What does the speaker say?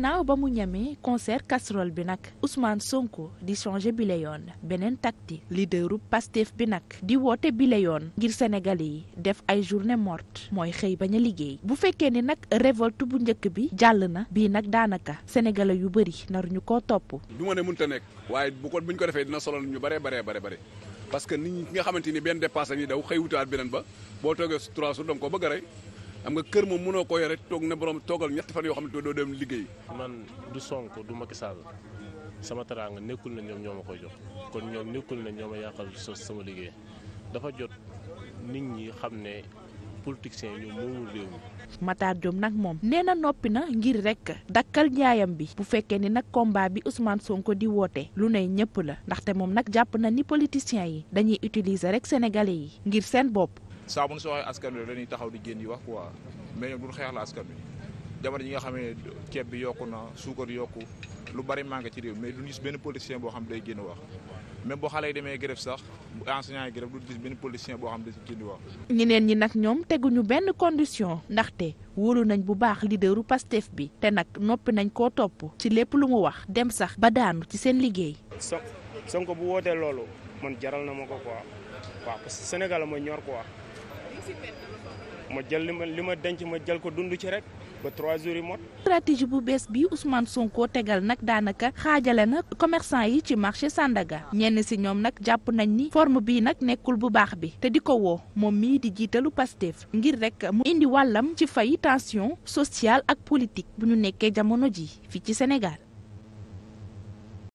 naaw ba mu ñamee concert casserole bi nag Ousmane Sonko di changé bile yoon beneen takti leaderu Pastef bi nag di woote bile yoon ngir Sénégalais yi def ay journée morte mooy xëy bañ a liggéey bu fekkee ni nag révolte bu njëkk bi jàll na bii nag daanaka sénégalais yu bëri ñu koo topp. du ma ne mënta nekk waaye bu ko buñ ko defee dina solo ñu baree baree baree baree parce que nit ñi nga xamante ni benn dépasse la ñuy daw xëy wutaat beneen ba boo toogee trois jours danga ko bëgg rey xam nga kër moom mënoo ko yore toog na boroom toogal ñetti fan yoo xam ne doo dem liggéey. man du sonk du Macky Sall sama teraanga nekkul na ñoom ñoo ma koy jox kon ñoom nekkul na ñoo ma yàqal sama liggéey dafa jot nit ñi xam ne politiciens yi ñoom mataar réew nag moom nee na noppi na ngir rek dakkal njaayam bi bu fekkee ni nag combat bi Ousmane sonk di woote lu ne ñëpp la ndaxte moom nag jàpp na ni politiciens yi dañuy utiliser rek sénégalais yi ngir seen bopp. saa bu ñu si waxee askan wi dañuy taxaw di génn di wax quoi mais ñoom du xeex la askan bi jamono yi nga xam ne ceeb bi yokku na suukar yokk lu bari manqué ci réew mais duñu gis benn politicien boo xam day génn wax mais boo xale yi demee grève sax bu enseignant yi grève duñu gis benn politicien boo xam day génn di wax. ñeneen ñi nag ñoom teguñu benn condition ndaxte wóolu nañ bu baax leaderu Pastef bi te nag noppi nañ koo topp ci lépp lu mu wax dem sax ba daanu ci seen liggéey. so Sonko bu wootee loolu man jaral na ma ko quoi waaw parce que ñor quoi. ma jël li ma li ma denc ma jël ko dund ci rek ba trois jours yi mot. stratégie bu bees bi Ousmane Sonko tegal nag daanaka xaajale na commerçant yi ci marché Sandaga ñenn si ñoom nag jàpp nañ ni forme bii nag nekkul bu baax bi te di ko woo moom mii di jiitalu Pastef ngir rek mu indi wàllam ci fay tension sociale ak politique bu ñu nekkee jamono ji fii ci Sénégal.